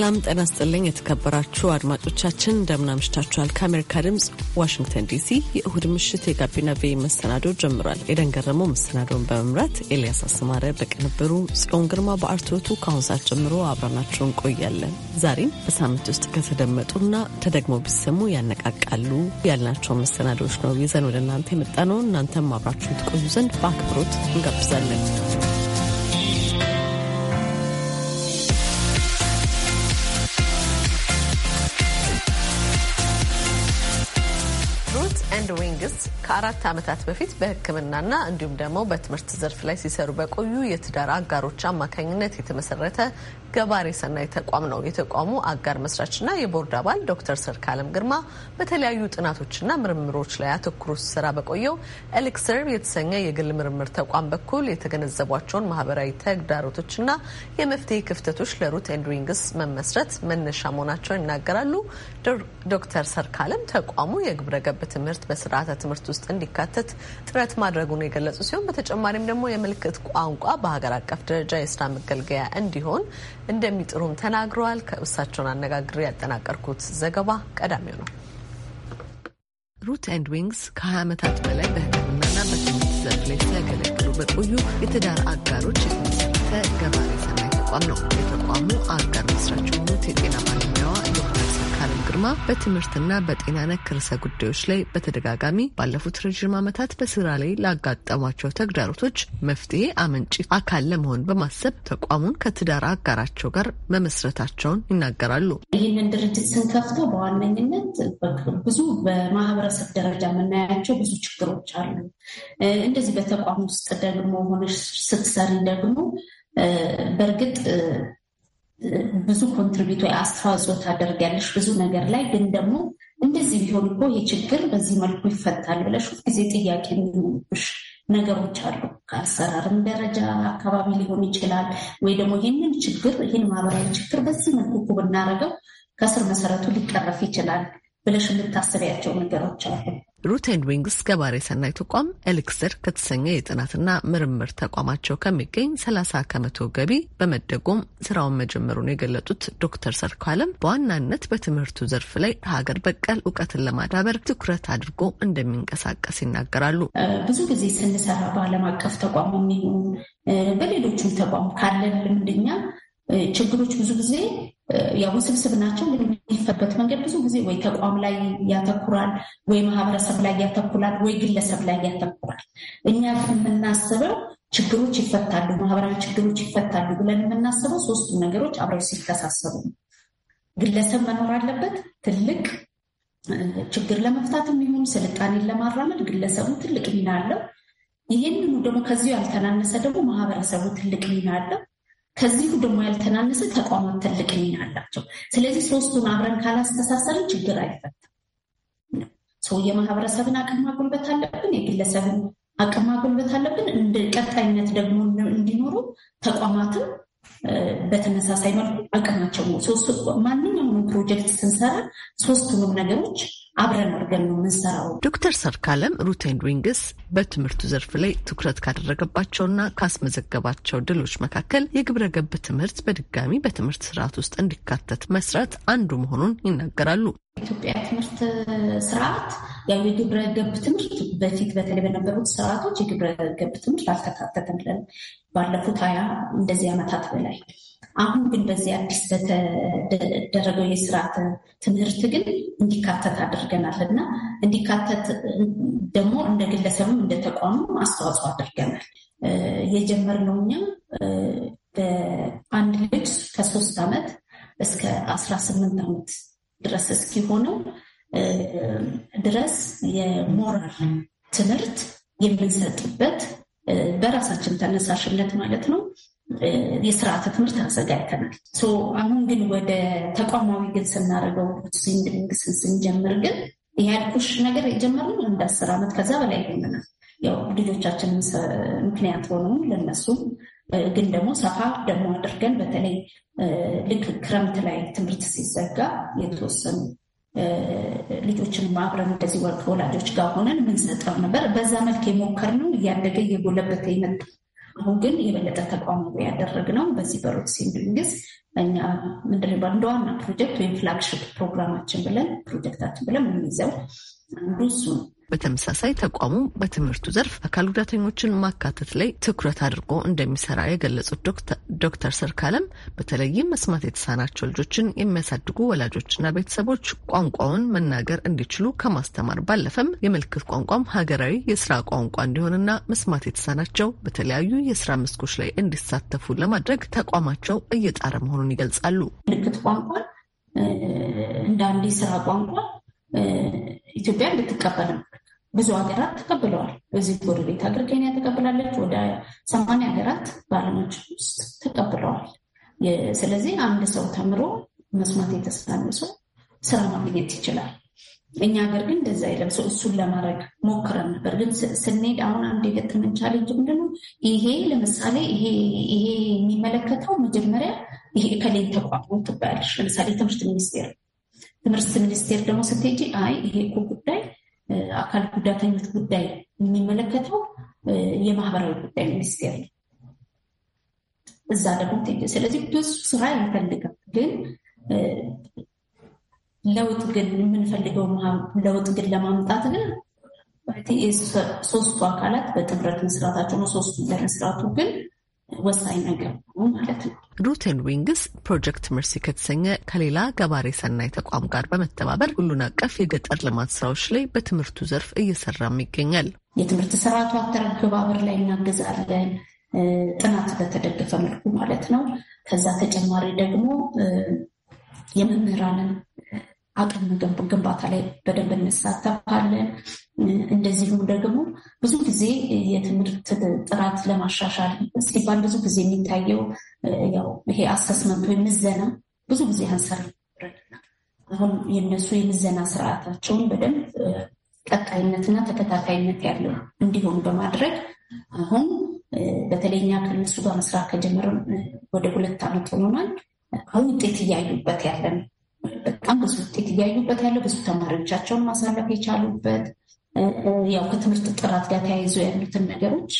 ሰላም ጤና ስጥልኝ። የተከበራችሁ አድማጮቻችን እንደምን አምሽታችኋል? ከአሜሪካ ድምፅ ዋሽንግተን ዲሲ የእሁድ ምሽት የጋቢና ቬ መሰናዶ ጀምሯል። ኤደን ገረመው መሰናዶውን በመምራት ኤልያስ አስማረ በቅንብሩ፣ ጽዮን ግርማ በአርትዖቱ ከአሁን ሰዓት ጀምሮ አብረናችሁ እንቆያለን። ዛሬም በሳምንት ውስጥ ከተደመጡና ተደግሞ ቢሰሙ ያነቃቃሉ ያልናቸው መሰናዶዎች ነው ይዘን ወደ እናንተ የመጣነው። እናንተም አብራችሁን ትቆዩ ዘንድ በአክብሮት እንጋብዛለን። መንግስት ከአራት ዓመታት በፊት በሕክምናና እንዲሁም ደግሞ በትምህርት ዘርፍ ላይ ሲሰሩ በቆዩ የትዳር አጋሮች አማካኝነት የተመሰረተ ገባሬ ሰናይ ተቋም ነው። የተቋሙ አጋር መስራችና የቦርድ አባል ዶክተር ሰርካለም ግርማ በተለያዩ ጥናቶችና ምርምሮች ላይ አተኩሮ ሲሰራ በቆየው ኤሊክስር የተሰኘ የግል ምርምር ተቋም በኩል የተገነዘቧቸውን ማህበራዊ ተግዳሮቶችና የመፍትሄ ክፍተቶች ለሩት ኤንድ ዊንግስ መመስረት መነሻ መሆናቸውን ይናገራሉ። ዶክተር ሰርካለም ተቋሙ የግብረገብ ትምህርት በስራ ስርዓተ ትምህርት ውስጥ እንዲካተት ጥረት ማድረጉን የገለጹ ሲሆን በተጨማሪም ደግሞ የምልክት ቋንቋ በሀገር አቀፍ ደረጃ የስራ መገልገያ እንዲሆን እንደሚጥሩም ተናግረዋል። ከእሳቸውን አነጋግሬ ያጠናቀርኩት ዘገባ ቀዳሚው ነው። ሩት ኤንድ ዊንግስ ከ20 ዓመታት በላይ በሕክምናና በትምህርት ዘርፍ ላይ ሲያገለግሉ በቆዩ የትዳር አጋሮች የተመሰረተ ገባሬ ሰናይ ተቋም ነው። የተቋሙ አጋር መስራች የሆኑት የጤና ባለሙያዋ ዶክተር ግርማ በትምህርትና በጤና ነክ ርዕሰ ጉዳዮች ላይ በተደጋጋሚ ባለፉት ረዥም ዓመታት በስራ ላይ ላጋጠሟቸው ተግዳሮቶች መፍትሄ አመንጭ አካል ለመሆን በማሰብ ተቋሙን ከትዳር አጋራቸው ጋር መመስረታቸውን ይናገራሉ። ይህንን ድርጅት ስንከፍተው በዋነኝነት ብዙ በማህበረሰብ ደረጃ የምናያቸው ብዙ ችግሮች አሉ። እንደዚህ በተቋም ውስጥ ደግሞ ሆነ ስትሰሪ ደግሞ በእርግጥ ብዙ ኮንትሪቢዩት ወይ አስተዋጽኦ ታደርጊያለሽ ብዙ ነገር ላይ ግን ደግሞ እንደዚህ ቢሆን እኮ ይህ ችግር በዚህ መልኩ ይፈታል ብለሽ ጊዜ ጥያቄ የሚሆኑብሽ ነገሮች አሉ። ከአሰራርም ደረጃ አካባቢ ሊሆን ይችላል ወይ ደግሞ ይህንን ችግር ይህን ማህበራዊ ችግር በዚህ መልኩ እኮ ብናደርገው ከስር መሰረቱ ሊቀረፍ ይችላል ብለሽ የምታስቢያቸው ነገሮች አሉ። ሩት ዊንግስ ገባሬ ሰናይ ተቋም ኤሊክስር ከተሰኘ የጥናትና ምርምር ተቋማቸው ከሚገኝ 30 ከመቶ ገቢ በመደጎም ስራውን መጀመሩን የገለጡት ዶክተር ሰርካለም በዋናነት በትምህርቱ ዘርፍ ላይ ሀገር በቀል እውቀትን ለማዳበር ትኩረት አድርጎ እንደሚንቀሳቀስ ይናገራሉ። ብዙ ጊዜ ስንሰራ በዓለም አቀፍ ተቋም የሚሆን በሌሎችም ተቋም ካለን ልምድኛ ችግሮች ብዙ ጊዜ ያው ውስብስብ ናቸው። ግን የሚፈቱበት መንገድ ብዙ ጊዜ ወይ ተቋም ላይ ያተኩራል፣ ወይ ማህበረሰብ ላይ ያተኩራል፣ ወይ ግለሰብ ላይ ያተኩራል። እኛ የምናስበው ችግሮች ይፈታሉ፣ ማህበራዊ ችግሮች ይፈታሉ ብለን የምናስበው ሶስቱ ነገሮች አብረው ሲተሳሰሩ ነው። ግለሰብ መኖር አለበት። ትልቅ ችግር ለመፍታት የሚሆን ስልጣኔን ለማራመድ ግለሰቡ ትልቅ ሚና አለው። ይህንኑ ደግሞ ከዚሁ ያልተናነሰ ደግሞ ማህበረሰቡ ትልቅ ሚና አለው። ከዚሁ ደግሞ ያልተናነሰ ተቋማት ትልቅ ሚና አላቸው። ስለዚህ ሶስቱን አብረን ካላስተሳሰርን ችግር አይፈታም። ሰው የማህበረሰብን አቅም ማጎልበት አለብን። የግለሰብን አቅም ማጎልበት አለብን። እንደ ቀጣይነት ደግሞ እንዲኖሩ ተቋማትም በተመሳሳይ መልኩ አቅማቸው ማንኛውንም ፕሮጀክት ስንሰራ ሶስቱንም ነገሮች አብረን አድርገን ነው የምንሰራው። ዶክተር ሰርካለም ሩቴን ሪንግስ በትምህርቱ ዘርፍ ላይ ትኩረት ካደረገባቸውና ካስመዘገባቸው ድሎች መካከል የግብረ ገብ ትምህርት በድጋሚ በትምህርት ስርዓት ውስጥ እንዲካተት መስራት አንዱ መሆኑን ይናገራሉ። ኢትዮጵያ ትምህርት ስርዓት ያው የግብረ ገብ ትምህርት በፊት በተለይ በነበሩት ስርዓቶች የግብረ ገብ ትምህርት አልተካተተም ባለፉት ሀያ እንደዚህ ዓመታት በላይ አሁን ግን በዚህ አዲስ በተደረገው የስርዓተ ትምህርት ግን እንዲካተት አድርገናል እና እንዲካተት ደግሞ እንደ ግለሰብም እንደ ተቋሙም አስተዋጽኦ አድርገናል። የጀመርነው እኛ በአንድ ልጅ ከሶስት ዓመት እስከ አስራ ስምንት ዓመት ድረስ እስኪሆነው ድረስ የሞራል ትምህርት የምንሰጥበት በራሳችን ተነሳሽነት ማለት ነው የስርዓተ ትምህርት አዘጋጅተናል። አሁን ግን ወደ ተቋማዊ ግን ስናደርገው ንግስን ስንጀምር ግን ያልኩሽ ነገር የጀመርነው እንደ አስር ዓመት ከዛ በላይ ይሆንናል። ያው ልጆቻችን ምክንያት ሆነው ለነሱም ግን ደግሞ ሰፋ ደግሞ አድርገን በተለይ ልክ ክረምት ላይ ትምህርት ሲዘጋ የተወሰኑ ልጆችን ማብረን እንደዚህ ወርቅ ወላጆች ጋር ሆነን የምንሰጠው ነበር። በዛ መልክ የሞከርነው እያደገ እየጎለበተ የመጣ አሁን ግን የበለጠ ተቋማዊ ነው። በዚህ በሮክሲ እንድንግዝ እኛ ምንድን ነው እንደ ዋና ፕሮጀክት ወይም ፍላግሽፕ ፕሮግራማችን ብለን ፕሮጀክታችን ብለን የምንይዘው አንዱ እሱ ነው። በተመሳሳይ ተቋሙ በትምህርቱ ዘርፍ አካል ጉዳተኞችን ማካተት ላይ ትኩረት አድርጎ እንደሚሰራ የገለጹት ዶክተር ሰርካለም በተለይም መስማት የተሳናቸው ልጆችን የሚያሳድጉ ወላጆችና ቤተሰቦች ቋንቋውን መናገር እንዲችሉ ከማስተማር ባለፈም የምልክት ቋንቋም ሀገራዊ የስራ ቋንቋ እንዲሆንና መስማት የተሳናቸው በተለያዩ የስራ መስኮች ላይ እንዲሳተፉ ለማድረግ ተቋማቸው እየጣረ መሆኑን ይገልጻሉ። ምልክት ቋንቋ እንደ አንድ ቋንቋ ኢትዮጵያ እንድትቀበልም ብዙ ሀገራት ተቀብለዋል። በዚህ ጎረቤት ሀገር ኬንያ ተቀብላለች። ወደ ሰማንያ ሀገራት በዓለማችን ውስጥ ተቀብለዋል። ስለዚህ አንድ ሰው ተምሮ መስማት የተሳነው ሰው ስራ ማግኘት ይችላል። እኛ ሀገር ግን እንደዛ የለም። ሰው እሱን ለማድረግ ሞክረን ነበር፣ ግን ስንሄድ አሁን አንድ የገጠመን ቻሌንጅ ምንድን ነው? ይሄ ለምሳሌ ይሄ የሚመለከተው መጀመሪያ ይሄ ከሌን ተቋሙ ትባያለሽ። ለምሳሌ ትምህርት ሚኒስቴር ትምህርት ሚኒስቴር ደግሞ ስትሄጂ አይ ይሄ እኮ ጉዳይ አካል ጉዳተኞች ጉዳይ የሚመለከተው የማህበራዊ ጉዳይ ሚኒስቴር ነው። እዛ ደግሞ ስለዚህ ብዙ ስራ ይፈልጋል። ግን ለውጥ ግን የምንፈልገው ለውጥ ግን ለማምጣት ግን ሶስቱ አካላት በጥምረት መስራታቸው ነው። ሶስቱ ለመስራቱ ግን ወሳኝ ነገር ነው ማለት ነው። ሩቴን ዊንግስ ፕሮጀክት መርሲ ከተሰኘ ከሌላ ገባሬ ሰናይ ተቋም ጋር በመተባበር ሁሉን አቀፍ የገጠር ልማት ስራዎች ላይ በትምህርቱ ዘርፍ እየሰራም ይገኛል። የትምህርት ስርዓቱ አተገባበር ላይ እናገዛለን፣ ጥናት በተደገፈ መልኩ ማለት ነው። ከዛ ተጨማሪ ደግሞ የመምህራንን አቅም ግንባታ ላይ በደንብ እንሳተፋለን። እንደዚሁም ደግሞ ብዙ ጊዜ የትምህርት ጥራት ለማሻሻል ሲባል ብዙ ጊዜ የሚታየው ያው ይሄ አሰስመንት ወይም ምዘና ብዙ ጊዜ አንሰር አሁን የነሱ የምዘና ስርዓታቸውን በደንብ ቀጣይነትና ተከታታይነት ያለው እንዲሆን በማድረግ አሁን በተለይኛ ከነሱ ጋር መስራት ከጀመርን ወደ ሁለት ዓመት ሆኖናል። አሁን ውጤት እያዩበት ያለ ነው። በጣም ብዙ ውጤት እያዩበት ያለው ብዙ ተማሪዎቻቸውን ማሳለፍ የቻሉበት ያው ከትምህርት ጥራት ጋር ተያይዞ ያሉትን ነገሮች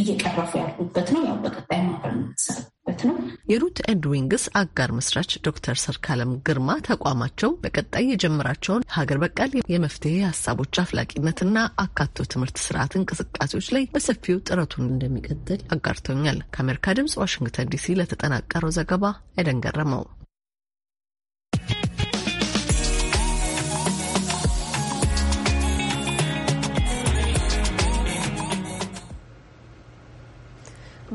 እየቀረፉ ያሉበት ነው። ያው በቀጣይ ማበር የሚሰራበት ነው። የሩት ኤንድ ዊንግስ አጋር መስራች ዶክተር ሰርካለም ግርማ ተቋማቸው በቀጣይ የጀመራቸውን ሀገር በቀል የመፍትሄ ሀሳቦች አፍላቂነትና አካቶ ትምህርት ስርዓት እንቅስቃሴዎች ላይ በሰፊው ጥረቱን እንደሚቀጥል አጋርቶኛል። ከአሜሪካ ድምጽ ዋሽንግተን ዲሲ ለተጠናቀረው ዘገባ አይደን ገረመው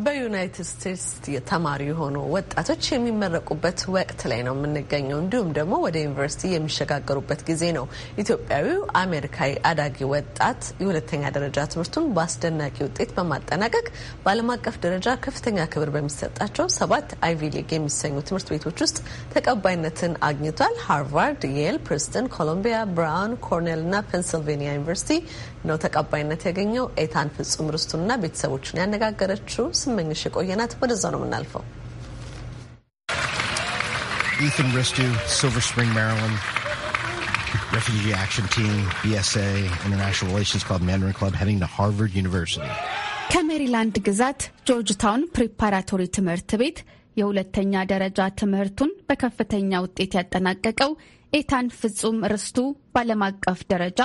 በዩናይትድ ስቴትስ ተማሪ የሆኑ ወጣቶች የሚመረቁበት ወቅት ላይ ነው የምንገኘው። እንዲሁም ደግሞ ወደ ዩኒቨርሲቲ የሚሸጋገሩበት ጊዜ ነው። ኢትዮጵያዊው አሜሪካዊ አዳጊ ወጣት የሁለተኛ ደረጃ ትምህርቱን በአስደናቂ ውጤት በማጠናቀቅ በዓለም አቀፍ ደረጃ ከፍተኛ ክብር በሚሰጣቸው ሰባት አይቪ ሊግ የሚሰኙ ትምህርት ቤቶች ውስጥ ተቀባይነትን አግኝቷል። ሃርቫርድ፣ የል፣ ፕሪንስተን፣ ኮሎምቢያ፣ ብራውን፣ ኮርኔል እና ፔንስልቬኒያ ዩኒቨርሲቲ ነው ተቀባይነት ያገኘው። ኤታን ፍጹም ርስቱንና ቤተሰቦቹን ያነጋገረችው ስመኝሽ የቆየናት ወደዛ ነው የምናልፈው። Ethan Ristu, Silver Spring, Maryland. Refugee Action Team, BSA, e International Relations Club, Mandarin Club, heading to Harvard University. ከሜሪላንድ ግዛት ታውን ፕሪፓራቶሪ ትምህርት ቤት የሁለተኛ ደረጃ ትምህርቱን በከፍተኛ ውጤት ያጠናቀቀው ኤታን ፍጹም ርስቱ በዓለም አቀፍ ደረጃ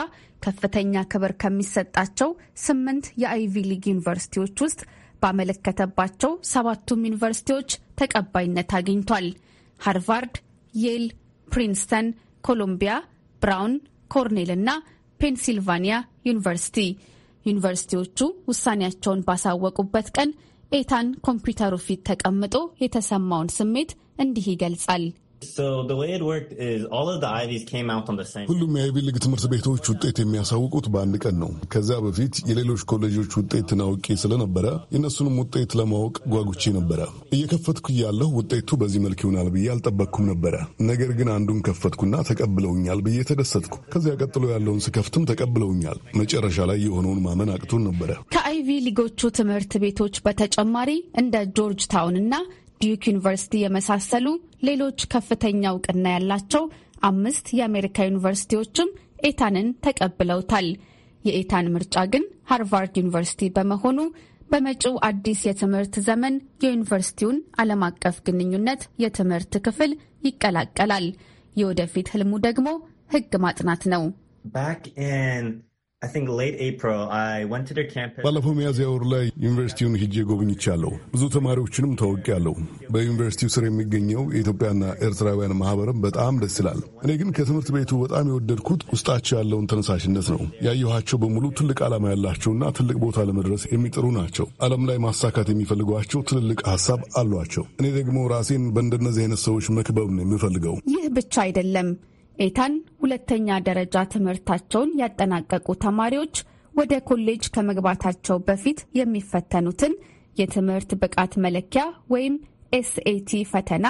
ከፍተኛ ክብር ከሚሰጣቸው ስምንት የአይቪ ሊግ ዩኒቨርሲቲዎች ውስጥ ባመለከተባቸው ሰባቱም ዩኒቨርሲቲዎች ተቀባይነት አግኝቷል። ሃርቫርድ፣ ዬል፣ ፕሪንስተን፣ ኮሎምቢያ፣ ብራውን፣ ኮርኔል እና ፔንሲልቫኒያ ዩኒቨርሲቲ። ዩኒቨርሲቲዎቹ ውሳኔያቸውን ባሳወቁበት ቀን ኤታን ኮምፒውተሩ ፊት ተቀምጦ የተሰማውን ስሜት እንዲህ ይገልጻል። ሁሉም የአይቪ ሊግ ትምህርት ቤቶች ውጤት የሚያሳውቁት በአንድ ቀን ነው። ከዚያ በፊት የሌሎች ኮሌጆች ውጤት አውቄ ስለነበረ የእነሱንም ውጤት ለማወቅ ጓጉቼ ነበረ። እየከፈትኩ እያለሁ ውጤቱ በዚህ መልክ ይሆናል ብዬ አልጠበቅኩም ነበረ። ነገር ግን አንዱን ከፈትኩና ተቀብለውኛል ብዬ ተደሰትኩ። ከዚያ ቀጥሎ ያለውን ስከፍትም ተቀብለውኛል። መጨረሻ ላይ የሆነውን ማመን አቅቶን ነበረ። ከአይቪ ሊጎቹ ትምህርት ቤቶች በተጨማሪ እንደ ጆርጅ ታውንና ዲዩክ ዩኒቨርሲቲ የመሳሰሉ ሌሎች ከፍተኛ እውቅና ያላቸው አምስት የአሜሪካ ዩኒቨርሲቲዎችም ኤታንን ተቀብለውታል። የኤታን ምርጫ ግን ሃርቫርድ ዩኒቨርሲቲ በመሆኑ በመጪው አዲስ የትምህርት ዘመን የዩኒቨርሲቲውን ዓለም አቀፍ ግንኙነት የትምህርት ክፍል ይቀላቀላል። የወደፊት ህልሙ ደግሞ ህግ ማጥናት ነው። ባለፈው ሚያዝያ ወር ላይ ዩኒቨርሲቲውን ሄጄ ጎብኝቻለሁ። ብዙ ተማሪዎችንም ታውቂያለሁ። በዩኒቨርሲቲው ስር የሚገኘው የኢትዮጵያና ኤርትራውያን ማህበርም በጣም ደስ ይላል። እኔ ግን ከትምህርት ቤቱ በጣም የወደድኩት ውስጣቸው ያለውን ተነሳሽነት ነው። ያየኋቸው በሙሉ ትልቅ ዓላማ ያላቸውና ትልቅ ቦታ ለመድረስ የሚጥሩ ናቸው። ዓለም ላይ ማሳካት የሚፈልጓቸው ትልልቅ ሀሳብ አሏቸው። እኔ ደግሞ ራሴን በእንደነዚህ አይነት ሰዎች መክበብ ነው የምፈልገው። ይህ ብቻ አይደለም። ኤታን ሁለተኛ ደረጃ ትምህርታቸውን ያጠናቀቁ ተማሪዎች ወደ ኮሌጅ ከመግባታቸው በፊት የሚፈተኑትን የትምህርት ብቃት መለኪያ ወይም ኤስኤቲ ፈተና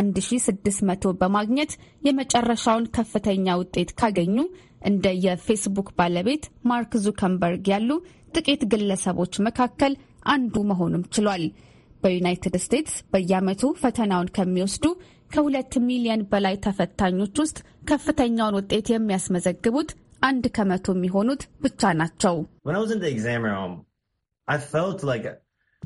1600 በማግኘት የመጨረሻውን ከፍተኛ ውጤት ካገኙ እንደ የፌስቡክ ባለቤት ማርክ ዙከንበርግ ያሉ ጥቂት ግለሰቦች መካከል አንዱ መሆኑም ችሏል። በዩናይትድ ስቴትስ በየዓመቱ ፈተናውን ከሚወስዱ ከሁለት ሚሊየን በላይ ተፈታኞች ውስጥ ከፍተኛውን ውጤት የሚያስመዘግቡት አንድ ከመቶ የሚሆኑት ብቻ ናቸው።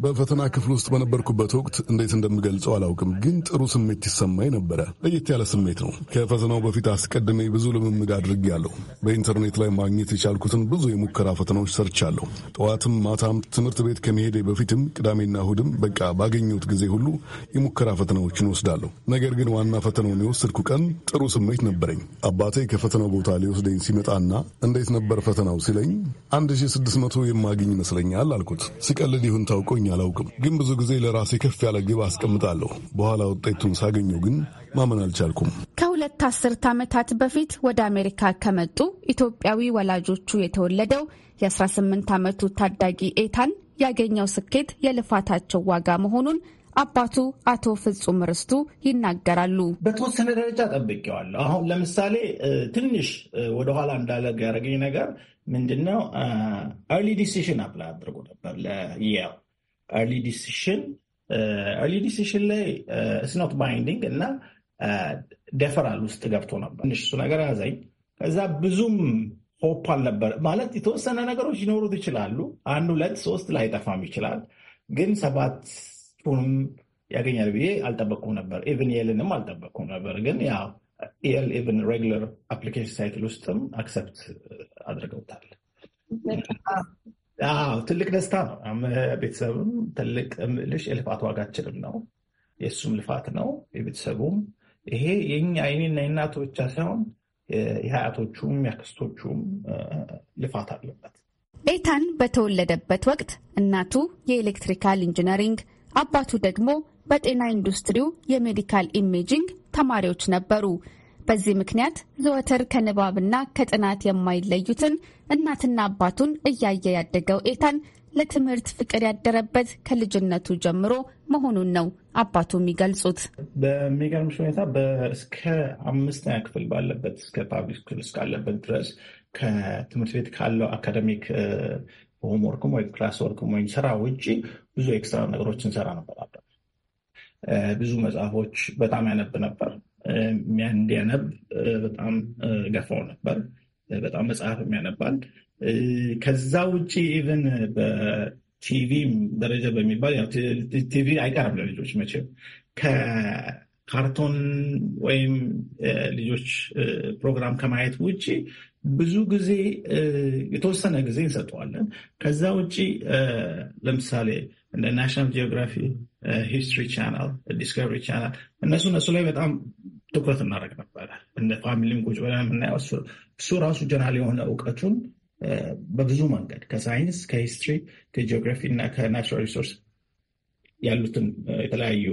በፈተና ክፍል ውስጥ በነበርኩበት ወቅት እንዴት እንደምገልጸው አላውቅም፣ ግን ጥሩ ስሜት ይሰማኝ ነበረ። ለየት ያለ ስሜት ነው። ከፈተናው በፊት አስቀድሜ ብዙ ልምምድ አድርጌያለሁ። በኢንተርኔት ላይ ማግኘት የቻልኩትን ብዙ የሙከራ ፈተናዎች ሰርቻለሁ። ጠዋትም ማታም ትምህርት ቤት ከመሄዴ በፊትም ቅዳሜና እሁድም በቃ ባገኘሁት ጊዜ ሁሉ የሙከራ ፈተናዎችን ወስዳለሁ። ነገር ግን ዋና ፈተናውን የወሰድኩ ቀን ጥሩ ስሜት ነበረኝ። አባቴ ከፈተናው ቦታ ሊወስደኝ ሲመጣና እንዴት ነበር ፈተናው ሲለኝ 1600 የማግኝ ይመስለኛል አልኩት። ሲቀልድ ይሁን ታውቆኛ አላውቅም፣ ግን ብዙ ጊዜ ለራሴ ከፍ ያለ ግብ አስቀምጣለሁ። በኋላ ውጤቱን ሳገኘው ግን ማመን አልቻልኩም። ከሁለት አስርት ዓመታት በፊት ወደ አሜሪካ ከመጡ ኢትዮጵያዊ ወላጆቹ የተወለደው የ18 ዓመቱ ታዳጊ ኤታን ያገኘው ስኬት የልፋታቸው ዋጋ መሆኑን አባቱ አቶ ፍጹም ርስቱ ይናገራሉ። በተወሰነ ደረጃ ጠብቄዋለሁ። አሁን ለምሳሌ ትንሽ ወደኋላ እንዳለግ ያደረገኝ ነገር ምንድነው? ኤርሊ ዲሲሽን አፕላይ አድርጎ ነበር ለየው ኤርሊ ዲሲሽን ኤርሊ ዲሲሽን ላይ ስኖት uh, ባይንዲንግ እና ደፈራል uh, ውስጥ ገብቶ ነበር። ትንሽ እሱ ነገር ያዘኝ። ከዛ ብዙም ሆፕ አልነበር ማለት የተወሰነ ነገሮች ሊኖሩት ይችላሉ። አንድ ሁለት ሶስት ጠፋም ይችላል። ግን ሰባቱንም ያገኛል ብዬ አልጠበቅኩም ነበር። ኢቨን የልንም አልጠበቅኩም ነበር። ግን ያው ኤል ኢቨን ሬግለር አፕሊኬሽን ሳይክል ውስጥም አክሰፕት uh, አድርገውታል። ትልቅ ደስታ ነው። ቤተሰብም ትልቅ ልሽ የልፋት ዋጋችንም ነው፣ የእሱም ልፋት ነው፣ የቤተሰቡም ይሄ የኛ የኔና የእናቱ ብቻ ሳይሆን የሀያቶቹም የአክስቶቹም ልፋት አለበት። ኤታን በተወለደበት ወቅት እናቱ የኤሌክትሪካል ኢንጂነሪንግ፣ አባቱ ደግሞ በጤና ኢንዱስትሪው የሜዲካል ኢሜጂንግ ተማሪዎች ነበሩ። በዚህ ምክንያት ዘወትር ከንባብና ከጥናት የማይለዩትን እናትና አባቱን እያየ ያደገው ኤታን ለትምህርት ፍቅር ያደረበት ከልጅነቱ ጀምሮ መሆኑን ነው አባቱ የሚገልጹት። በሚገርምሽ ሁኔታ እስከ አምስተኛ ክፍል ባለበት እስከ ፓብሊክ ስኩል እስካለበት ድረስ ከትምህርት ቤት ካለው አካደሚክ ሆምወርክም ወይም ክላስ ወርክም ወይም ስራ ውጭ ብዙ ኤክስትራ ነገሮች እንሰራ ነበር። ብዙ መጽሐፎች በጣም ያነብ ነበር። እንዲያነብ በጣም ገፋው ነበር። በጣም መጽሐፍ የሚያነባል። ከዛ ውጭ ኢቨን በቲቪ ደረጃ በሚባል ቲቪ አይቀርም ለልጆች መቼም ከካርቶን ወይም ልጆች ፕሮግራም ከማየት ውጭ ብዙ ጊዜ የተወሰነ ጊዜ እንሰጠዋለን። ከዛ ውጭ ለምሳሌ እንደ ናሽናል ጂኦግራፊ፣ ሂስትሪ ቻናል፣ ዲስከቨሪ ቻናል እነሱ እነሱ ላይ በጣም ትኩረት እናደርግ ነበረ። እንደ ፋሚሊ ቁጭ ብለን የምናየው እሱ ራሱ ጀነራል የሆነ እውቀቱን በብዙ መንገድ ከሳይንስ፣ ከሂስትሪ፣ ከጂኦግራፊ እና ከናቹራል ሪሶርስ ያሉትን የተለያዩ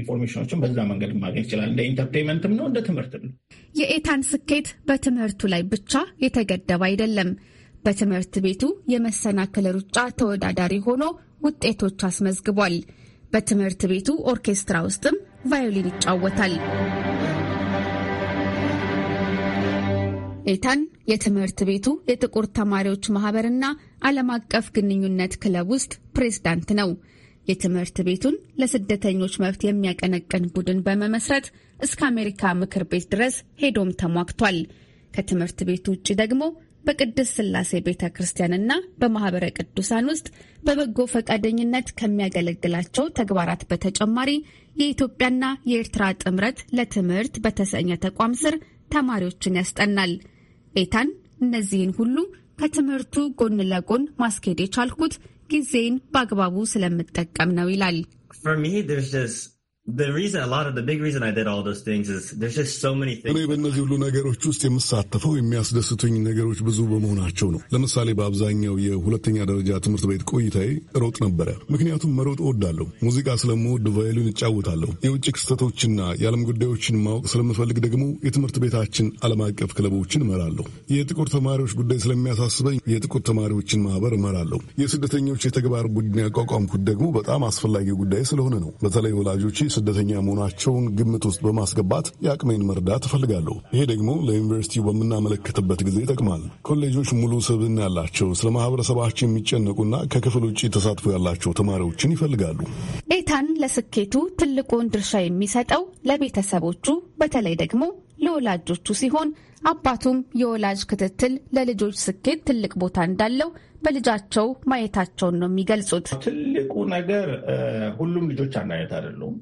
ኢንፎርሜሽኖችን በዛ መንገድ ማግኘት ይችላል። እንደ ኢንተርቴንመንትም ነው፣ እንደ ትምህርትም ነው። የኤታን ስኬት በትምህርቱ ላይ ብቻ የተገደበ አይደለም። በትምህርት ቤቱ የመሰናክል ሩጫ ተወዳዳሪ ሆኖ ውጤቶች አስመዝግቧል። በትምህርት ቤቱ ኦርኬስትራ ውስጥም ቫዮሊን ይጫወታል። ኤታን የትምህርት ቤቱ የጥቁር ተማሪዎች ማህበርና ዓለም አቀፍ ግንኙነት ክለብ ውስጥ ፕሬዝዳንት ነው። የትምህርት ቤቱን ለስደተኞች መብት የሚያቀነቅን ቡድን በመመስረት እስከ አሜሪካ ምክር ቤት ድረስ ሄዶም ተሟግቷል። ከትምህርት ቤቱ ውጭ ደግሞ በቅድስት ስላሴ ቤተ ክርስቲያንና በማህበረ ቅዱሳን ውስጥ በበጎ ፈቃደኝነት ከሚያገለግላቸው ተግባራት በተጨማሪ የኢትዮጵያና የኤርትራ ጥምረት ለትምህርት በተሰኘ ተቋም ስር ተማሪዎችን ያስጠናል። ኤታን እነዚህን ሁሉ ከትምህርቱ ጎን ለጎን ማስኬድ የቻልኩት ጊዜን በአግባቡ ስለምጠቀም ነው ይላል። እኔ በእነዚህ ሁሉ ነገሮች ውስጥ የምሳተፈው የሚያስደስቱኝ ነገሮች ብዙ በመሆናቸው ነው። ለምሳሌ በአብዛኛው የሁለተኛ ደረጃ ትምህርት ቤት ቆይታዬ ሮጥ ነበረ፣ ምክንያቱም መሮጥ እወዳለሁ። ሙዚቃ ስለምወድ ቫዮሊን እጫወታለሁ። የውጭ ክስተቶችና የዓለም ጉዳዮችን ማወቅ ስለምፈልግ ደግሞ የትምህርት ቤታችን ዓለም አቀፍ ክለቦችን እመራለሁ። የጥቁር ተማሪዎች ጉዳይ ስለሚያሳስበኝ የጥቁር ተማሪዎችን ማህበር እመራለሁ። የስደተኞች የተግባር ቡድን ያቋቋምኩት ደግሞ በጣም አስፈላጊ ጉዳይ ስለሆነ ነው። በተለይ ወላጆቼ ስደተኛ መሆናቸውን ግምት ውስጥ በማስገባት የአቅሜን መርዳት እፈልጋለሁ። ይሄ ደግሞ ለዩኒቨርሲቲው በምናመለክትበት ጊዜ ይጠቅማል። ኮሌጆች ሙሉ ስብዕና ያላቸው ስለ ማህበረሰባቸው የሚጨነቁና ከክፍል ውጭ ተሳትፎ ያላቸው ተማሪዎችን ይፈልጋሉ። ኤታን ለስኬቱ ትልቁን ድርሻ የሚሰጠው ለቤተሰቦቹ በተለይ ደግሞ ለወላጆቹ ሲሆን አባቱም የወላጅ ክትትል ለልጆች ስኬት ትልቅ ቦታ እንዳለው በልጃቸው ማየታቸውን ነው የሚገልጹት። ትልቁ ነገር ሁሉም ልጆች አንድ አይነት አይደሉም።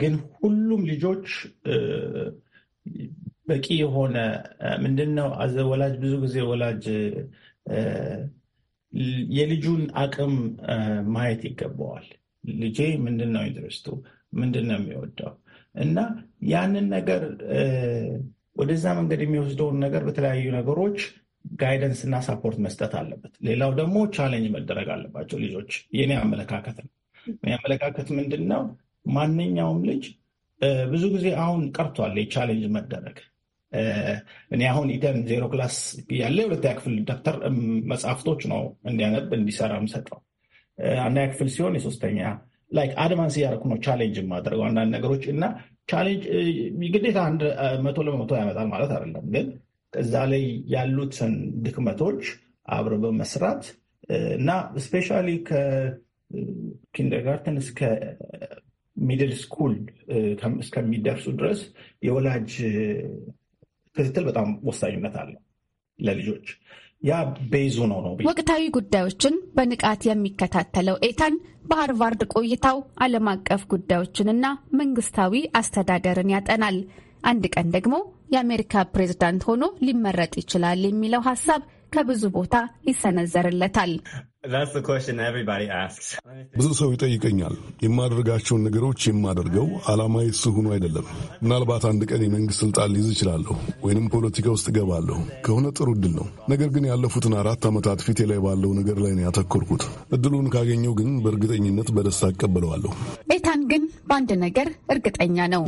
ግን ሁሉም ልጆች በቂ የሆነ ምንድን ነው ወላጅ ብዙ ጊዜ ወላጅ የልጁን አቅም ማየት ይገባዋል። ልጄ ምንድን ነው ኢንትረስቱ፣ ምንድን ነው እና ያንን ነገር ወደዛ መንገድ የሚወስደውን ነገር በተለያዩ ነገሮች ጋይደንስ እና ሳፖርት መስጠት አለበት። ሌላው ደግሞ ቻለንጅ መደረግ አለባቸው ልጆች። የኔ አመለካከት ነው። የኔ አመለካከት ምንድን ነው ማንኛውም ልጅ ብዙ ጊዜ አሁን ቀርቷል የቻሌንጅ መደረግ። እኔ አሁን ኢተን ዜሮ ክላስ ያለ የሁለተኛ ክፍል ደብተር መጽሐፍቶች ነው እንዲያነብ እንዲሰራ ምሰጠው። አንደኛ ክፍል ሲሆን የሶስተኛ ላይክ አድቫንስ እያደረኩ ነው ቻሌንጅ የማደርገው አንዳንድ ነገሮች እና ቻሌንጅ ግዴታ አንድ መቶ ለመቶ ያመጣል ማለት አይደለም፣ ግን እዛ ላይ ያሉትን ድክመቶች አብረ በመስራት እና ስፔሻሊ ከኪንደርጋርተን እስከ ሚድል ስኩል እስከሚደርሱ ድረስ የወላጅ ክትትል በጣም ወሳኝነት አለው ለልጆች። ያ ቤዙ ነው ነው። ወቅታዊ ጉዳዮችን በንቃት የሚከታተለው ኤታን በሃርቫርድ ቆይታው ዓለም አቀፍ ጉዳዮችንና መንግስታዊ አስተዳደርን ያጠናል። አንድ ቀን ደግሞ የአሜሪካ ፕሬዝዳንት ሆኖ ሊመረጥ ይችላል የሚለው ሀሳብ ከብዙ ቦታ ይሰነዘርለታል። ብዙ ሰው ይጠይቀኛል። የማደርጋቸውን ነገሮች የማደርገው ዓላማ የስሁኑ አይደለም። ምናልባት አንድ ቀን የመንግሥት ሥልጣን ሊይዝ እችላለሁ ወይንም ፖለቲካ ውስጥ እገባለሁ ከሆነ ጥሩ እድል ነው። ነገር ግን ያለፉትን አራት ዓመታት ፊቴ ላይ ባለው ነገር ላይ ነው ያተኮርኩት። እድሉን ካገኘው ግን በእርግጠኝነት በደስታ አቀብለዋለሁ። ቤታን ግን በአንድ ነገር እርግጠኛ ነው።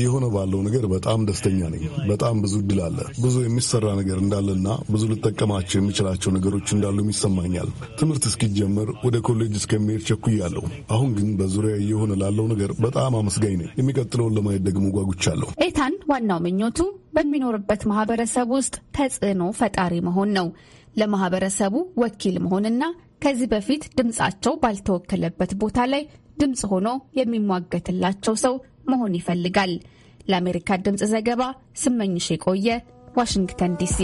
እየሆነ ባለው ነገር በጣም ደስተኛ ነኝ። በጣም ብዙ እድል አለ። ብዙ የሚሰራ ነገር እንዳለና ብዙ ልጠቀማቸው የምችላቸው ነገሮች እንዳሉም ይሰማኛል። ትምህርት እስኪጀመር ወደ ኮሌጅ እስከሚሄድ ቸኩያለሁ። አሁን ግን በዙሪያ እየሆነ ላለው ነገር በጣም አመስጋኝ ነኝ። የሚቀጥለውን ለማየት ደግሞ ጓጉቻለሁ። ኤታን ዋናው ምኞቱ በሚኖርበት ማህበረሰብ ውስጥ ተጽዕኖ ፈጣሪ መሆን ነው። ለማህበረሰቡ ወኪል መሆንና ከዚህ በፊት ድምፃቸው ባልተወከለበት ቦታ ላይ ድምፅ ሆኖ የሚሟገትላቸው ሰው መሆን ይፈልጋል። ለአሜሪካ ድምፅ ዘገባ ስመኝሽ የቆየ ዋሽንግተን ዲሲ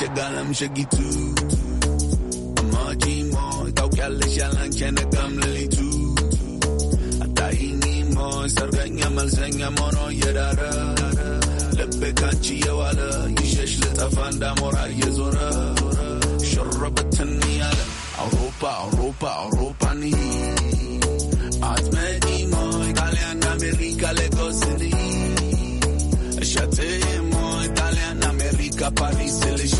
شگلم شگی تو ماجی ما تو کل شلن کنه گملی تو تاینی ما سرگنگ عمل زنگ ما رو یه داره لب کچیه والا یشش لطفنده مرا یه زوره شربت نیاله اوروپا اوروپا اوروپا نی عزمه ما ایتالیان امریکا لگوس نی شته ما ایتالیان امریکا پاریس لشه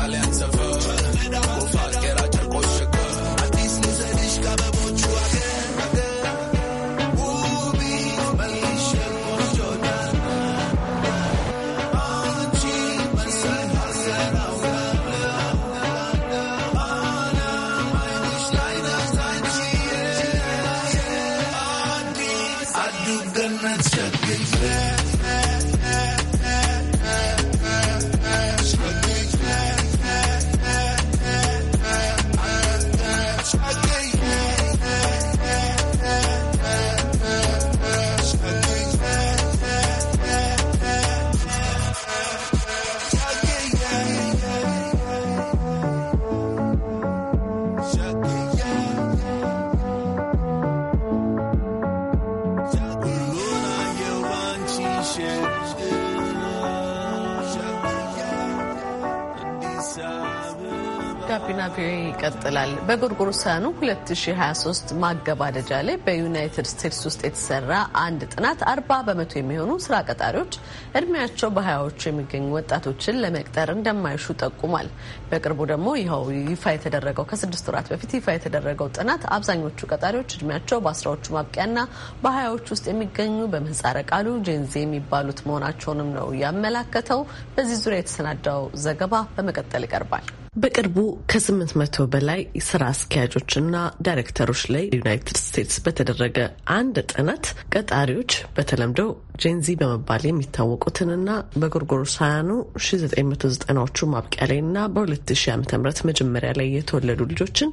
ይቀጥላል። በጎርጎሮሳውያኑ 2023 ማገባደጃ ላይ በዩናይትድ ስቴትስ ውስጥ የተሰራ አንድ ጥናት 40 በመቶ የሚሆኑ ስራ ቀጣሪዎች እድሜያቸው በሀያዎቹ የሚገኙ ወጣቶችን ለመቅጠር እንደማይሹ ጠቁሟል። በቅርቡ ደግሞ ይኸው ይፋ የተደረገው ከስድስት ወራት በፊት ይፋ የተደረገው ጥናት አብዛኞቹ ቀጣሪዎች እድሜያቸው በአስራዎቹ ማብቂያና በሀያዎች ውስጥ የሚገኙ በምህጻረ ቃሉ ጄንዚ የሚባሉት መሆናቸውንም ነው ያመላከተው። በዚህ ዙሪያ የተሰናዳው ዘገባ በመቀጠል ይቀርባል። በቅርቡ ከስምንት መቶ በላይ ስራ አስኪያጆችና ዳይሬክተሮች ላይ ዩናይትድ ስቴትስ በተደረገ አንድ ጥናት ቀጣሪዎች በተለምደው ጄንዚ በመባል የሚታወቁትንና በጎርጎሮሳውያኑ 1990ዎቹ ማብቂያ ላይ እና በ2000 ዓ ም መጀመሪያ ላይ የተወለዱ ልጆችን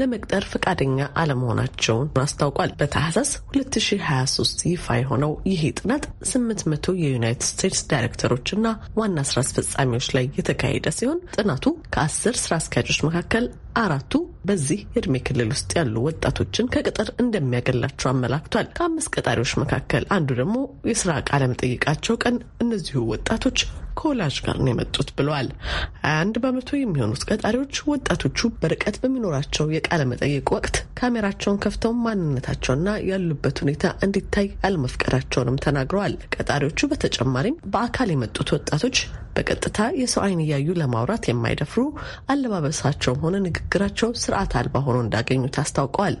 ለመቅጠር ፈቃደኛ አለመሆናቸውን አስታውቋል። በታህሳስ 2023 ይፋ የሆነው ይህ ጥናት 800 የዩናይትድ ስቴትስ ዳይሬክተሮች እና ዋና ስራ አስፈጻሚዎች ላይ የተካሄደ ሲሆን ጥናቱ ከ10 ስራ አስኪያጆች መካከል አራቱ በዚህ የእድሜ ክልል ውስጥ ያሉ ወጣቶችን ከቅጥር እንደሚያገላቸው አመላክቷል። ከአምስት ቀጣሪዎች መካከል አንዱ ደግሞ የስራ ቃለመጠይቃቸው ቀን እነዚሁ ወጣቶች ከወላጅ ጋር ነው የመጡት ብለዋል። አንድ በመቶ የሚሆኑት ቀጣሪዎች ወጣቶቹ በርቀት በሚኖራቸው የቃለ መጠየቅ ወቅት ካሜራቸውን ከፍተው ማንነታቸውና ያሉበት ሁኔታ እንዲታይ አለመፍቀዳቸውንም ተናግረዋል። ቀጣሪዎቹ በተጨማሪም በአካል የመጡት ወጣቶች በቀጥታ የሰው አይን እያዩ ለማውራት የማይደፍሩ፣ አለባበሳቸውም ሆነ ንግግራቸው ስርዓት አልባ ሆኖ እንዳገኙት አስታውቀዋል።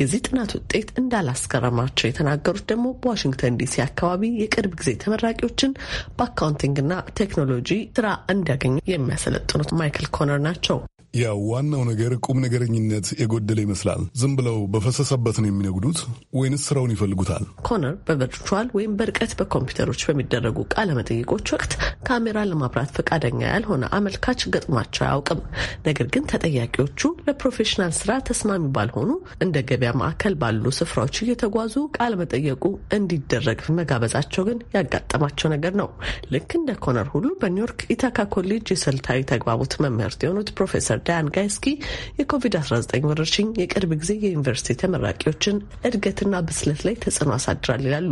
የዚህ ጥናት ውጤት እንዳላስገረማቸው የተናገሩት ደግሞ በዋሽንግተን ዲሲ አካባቢ የቅርብ ጊዜ ተመራቂዎችን በአካውንቲንግና ቴክኖሎጂ ስራ እንዲያገኙ የሚያሰለጥኑት ማይክል ኮነር ናቸው። ያው ዋናው ነገር ቁም ነገረኝነት የጎደለ ይመስላል። ዝም ብለው በፈሰሰበት ነው የሚነጉዱት ወይንስ ስራውን ይፈልጉታል? ኮነር በቨርቹዋል ወይም በርቀት በኮምፒውተሮች በሚደረጉ መጠይቆች ወቅት ካሜራ ለማብራት ፈቃደኛ ያልሆነ አመልካች ገጥሟቸው አያውቅም። ነገር ግን ተጠያቂዎቹ ለፕሮፌሽናል ስራ ተስማሚ ባልሆኑ እንደ ገበያ ማዕከል ባሉ ስፍራዎች እየተጓዙ ቃለመጠየቁ እንዲደረግ መጋበዛቸው ግን ያጋጠማቸው ነገር ነው። ልክ እንደ ኮነር ሁሉ በኒውዮርክ ኢታካ ኮሌጅ የስልታዊ ተግባቦት መምህርት የሆኑት ፕሮፌሰር ዳያን ጋይስኪ የኮቪድ-19 ወረርሽኝ የቅርብ ጊዜ የዩኒቨርሲቲ ተመራቂዎችን እድገትና ብስለት ላይ ተጽዕኖ አሳድራል ይላሉ።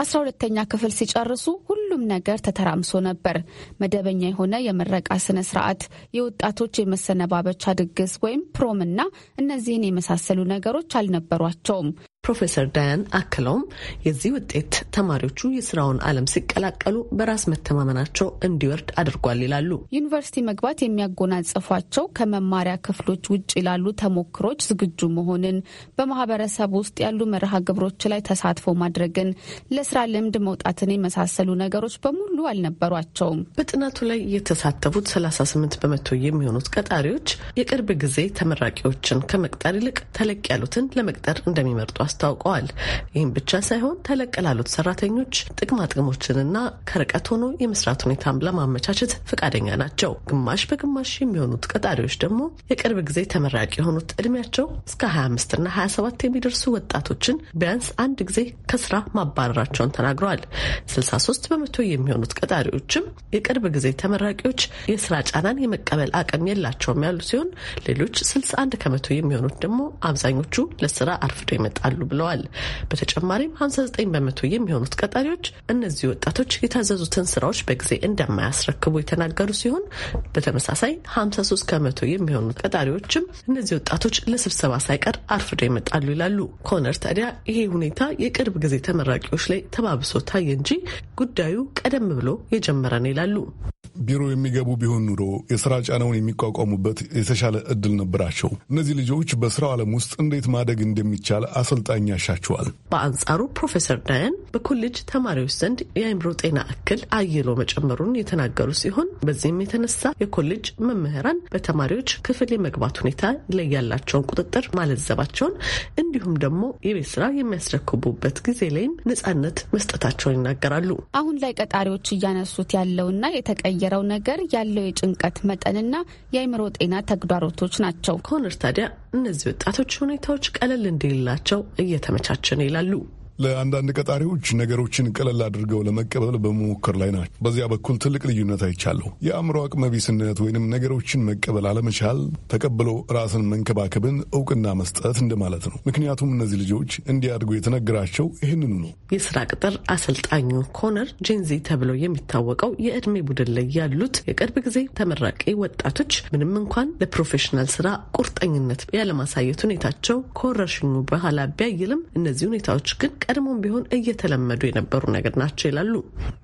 አስራ ሁለተኛ ክፍል ሲጨርሱ ሁሉም ነገር ተተራምሶ ነበር። መደበኛ የሆነ የምረቃ ስነ ስርዓት፣ የወጣቶች የመሰነባበቻ ድግስ ወይም ፕሮምና እነዚህን የመሳሰሉ ነገሮች አልነበሯቸውም። ፕሮፌሰር ዳያን አክለውም የዚህ ውጤት ተማሪዎቹ የስራውን ዓለም ሲቀላቀሉ በራስ መተማመናቸው እንዲወርድ አድርጓል ይላሉ። ዩኒቨርሲቲ መግባት የሚያጎናጽፏቸው ከመማሪያ ክፍሎች ውጭ ላሉ ተሞክሮች ዝግጁ መሆንን፣ በማህበረሰብ ውስጥ ያሉ መርሃ ግብሮች ላይ ተሳትፎ ማድረግን፣ ለስራ ልምድ መውጣትን የመሳሰሉ ነገሮች በሙሉ አልነበሯቸውም። በጥናቱ ላይ የተሳተፉት 38 በመቶ የሚሆኑት ቀጣሪዎች የቅርብ ጊዜ ተመራቂዎችን ከመቅጠር ይልቅ ተለቅ ያሉትን ለመቅጠር እንደሚመርጡ አስታውቀዋል። ይህም ብቻ ሳይሆን ተለቅ ላሉት ሰራተኞች ጥቅማ ጥቅሞችንና ከርቀት ሆኖ የመስራት ሁኔታም ለማመቻቸት ፈቃደኛ ናቸው። ግማሽ በግማሽ የሚሆኑት ቀጣሪዎች ደግሞ የቅርብ ጊዜ ተመራቂ የሆኑት እድሜያቸው እስከ 25ና 27 የሚደርሱ ወጣቶችን ቢያንስ አንድ ጊዜ ከስራ ማባረራቸውን ተናግረዋል። 63 በመቶ የሚሆኑት ቀጣሪዎችም የቅርብ ጊዜ ተመራቂዎች የስራ ጫናን የመቀበል አቅም የላቸውም ያሉ ሲሆን ሌሎች 61 ከመቶ የሚሆኑት ደግሞ አብዛኞቹ ለስራ አርፍዶ ይመጣሉ ብለዋል። በተጨማሪም 59 በመቶ የሚሆኑት ቀጣሪዎች እነዚህ ወጣቶች የታዘዙትን ስራዎች በጊዜ እንደማያስረክቡ የተናገሩ ሲሆን በተመሳሳይ 53 ከመቶ የሚሆኑት ቀጣሪዎችም እነዚህ ወጣቶች ለስብሰባ ሳይቀር አርፍዶ ይመጣሉ ይላሉ። ኮነር ታዲያ ይሄ ሁኔታ የቅርብ ጊዜ ተመራቂዎች ላይ ተባብሶ ታየ እንጂ ጉዳዩ ቀደም ብሎ የጀመረ ነው ይላሉ። ቢሮ የሚገቡ ቢሆን ኑሮ የስራ ጫናውን የሚቋቋሙበት የተሻለ እድል ነበራቸው። እነዚህ ልጆች በስራው ዓለም ውስጥ እንዴት ማደግ እንደሚቻል አሰልጣኝ ያሻቸዋል። በአንጻሩ ፕሮፌሰር ዳያን በኮሌጅ ተማሪዎች ዘንድ የአእምሮ ጤና እክል አይሎ መጨመሩን የተናገሩ ሲሆን በዚህም የተነሳ የኮሌጅ መምህራን በተማሪዎች ክፍል የመግባት ሁኔታ ላይ ያላቸውን ቁጥጥር ማለዘባቸውን እንዲሁም ደግሞ የቤት ስራ የሚያስረክቡበት ጊዜ ላይም ነጻነት መስጠታቸውን ይናገራሉ። አሁን ላይ ቀጣሪዎች እያነሱት ያለውና የተቀየ የቀየረው ነገር ያለው የጭንቀት መጠንና የአእምሮ ጤና ተግዳሮቶች ናቸው። ኮነር ታዲያ እነዚህ ወጣቶች ሁኔታዎች ቀለል እንዲልላቸው እየተመቻቸ ነው ይላሉ። ለአንዳንድ ቀጣሪዎች ነገሮችን ቀለል አድርገው ለመቀበል በመሞከር ላይ ናቸው። በዚያ በኩል ትልቅ ልዩነት አይቻለሁ። የአእምሮ አቅመቢስነት ወይንም ነገሮችን መቀበል አለመቻል ተቀብሎ ራስን መንከባከብን እውቅና መስጠት እንደማለት ነው። ምክንያቱም እነዚህ ልጆች እንዲያድጉ የተነገራቸው ይህንኑ ነው። የስራ ቅጥር አሰልጣኙ ኮነር ጄንዚ ተብሎ የሚታወቀው የእድሜ ቡድን ላይ ያሉት የቅርብ ጊዜ ተመራቂ ወጣቶች ምንም እንኳን ለፕሮፌሽናል ስራ ቁርጠኝነት ያለማሳየት ሁኔታቸው ከወረርሽኙ በኋላ ቢያይልም እነዚህ ሁኔታዎች ግን ቀድሞም ቢሆን እየተለመዱ የነበሩ ነገር ናቸው ይላሉ።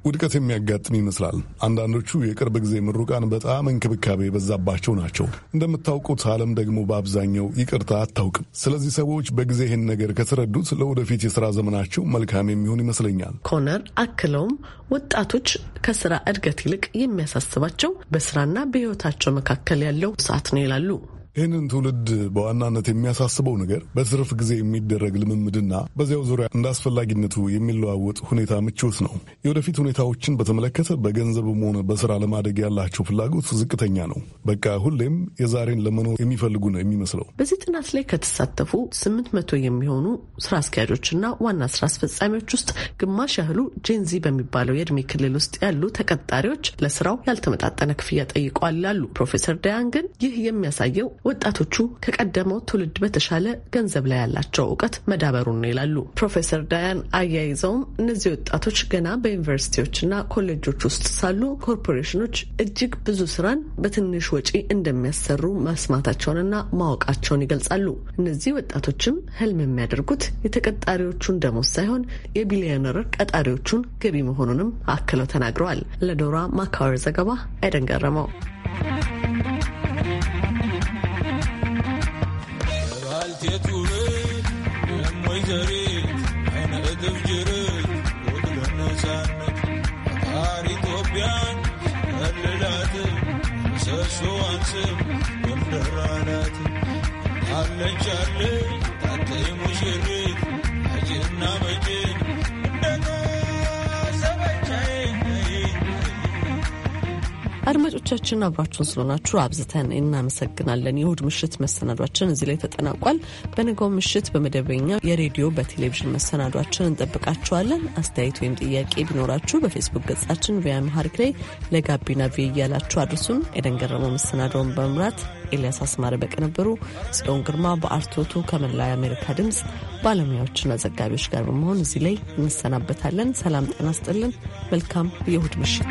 ውድቀት የሚያጋጥም ይመስላል። አንዳንዶቹ የቅርብ ጊዜ ምሩቃን በጣም እንክብካቤ የበዛባቸው ናቸው። እንደምታውቁት ዓለም ደግሞ በአብዛኛው ይቅርታ አታውቅም። ስለዚህ ሰዎች በጊዜ ይህን ነገር ከተረዱት ለወደፊት የስራ ዘመናቸው መልካም የሚሆን ይመስለኛል። ኮነር አክለውም ወጣቶች ከስራ እድገት ይልቅ የሚያሳስባቸው በስራና በህይወታቸው መካከል ያለው ሰዓት ነው ይላሉ። ይህንን ትውልድ በዋናነት የሚያሳስበው ነገር በትርፍ ጊዜ የሚደረግ ልምምድና በዚያው ዙሪያ እንደ አስፈላጊነቱ የሚለዋወጥ ሁኔታ ምቾት ነው። የወደፊት ሁኔታዎችን በተመለከተ በገንዘብም ሆነ በስራ ለማደግ ያላቸው ፍላጎት ዝቅተኛ ነው። በቃ ሁሌም የዛሬን ለመኖር የሚፈልጉ ነው የሚመስለው። በዚህ ጥናት ላይ ከተሳተፉ ስምንት መቶ የሚሆኑ ስራ አስኪያጆችና ዋና ስራ አስፈጻሚዎች ውስጥ ግማሽ ያህሉ ጄንዚ በሚባለው የእድሜ ክልል ውስጥ ያሉ ተቀጣሪዎች ለስራው ያልተመጣጠነ ክፍያ ጠይቀዋል ይላሉ ፕሮፌሰር ዳያን። ግን ይህ የሚያሳየው ወጣቶቹ ከቀደመው ትውልድ በተሻለ ገንዘብ ላይ ያላቸው እውቀት መዳበሩን ይላሉ ፕሮፌሰር ዳያን። አያይዘውም እነዚህ ወጣቶች ገና በዩኒቨርሲቲዎችና ኮሌጆች ውስጥ ሳሉ ኮርፖሬሽኖች እጅግ ብዙ ስራን በትንሽ ወጪ እንደሚያሰሩ መስማታቸውንና ማወቃቸውን ይገልጻሉ። እነዚህ ወጣቶችም ህልም የሚያደርጉት የተቀጣሪዎቹን ደሞዝ ሳይሆን የቢሊዮነር ቀጣሪዎቹን ገቢ መሆኑንም አክለው ተናግረዋል። ለዶራ ማካወር ዘገባ አይደንገረመው ስም ጉንደራናት አለቻለ ታተ ሙሽሪ አድማጮቻችን አብራችሁን ስለሆናችሁ አብዝተን እናመሰግናለን። የእሁድ ምሽት መሰናዷችን እዚህ ላይ ተጠናቋል። በነገው ምሽት በመደበኛ የሬዲዮ በቴሌቪዥን መሰናዷችን እንጠብቃችኋለን። አስተያየት ወይም ጥያቄ ቢኖራችሁ በፌስቡክ ገጻችን ቪያ መሀሪክ ላይ ለጋቢና ቪ እያላችሁ አድርሱን። ኤደን ገረመው መሰናዳውን በመምራት ኤልያስ አስማረ በቅንብሩ፣ ጽዮን ግርማ በአርቶቱ ከመላ የአሜሪካ ድምፅ ባለሙያዎችና ዘጋቢዎች ጋር በመሆን እዚህ ላይ እንሰናበታለን። ሰላም ጤና ስጥልን። መልካም የእሁድ ምሽት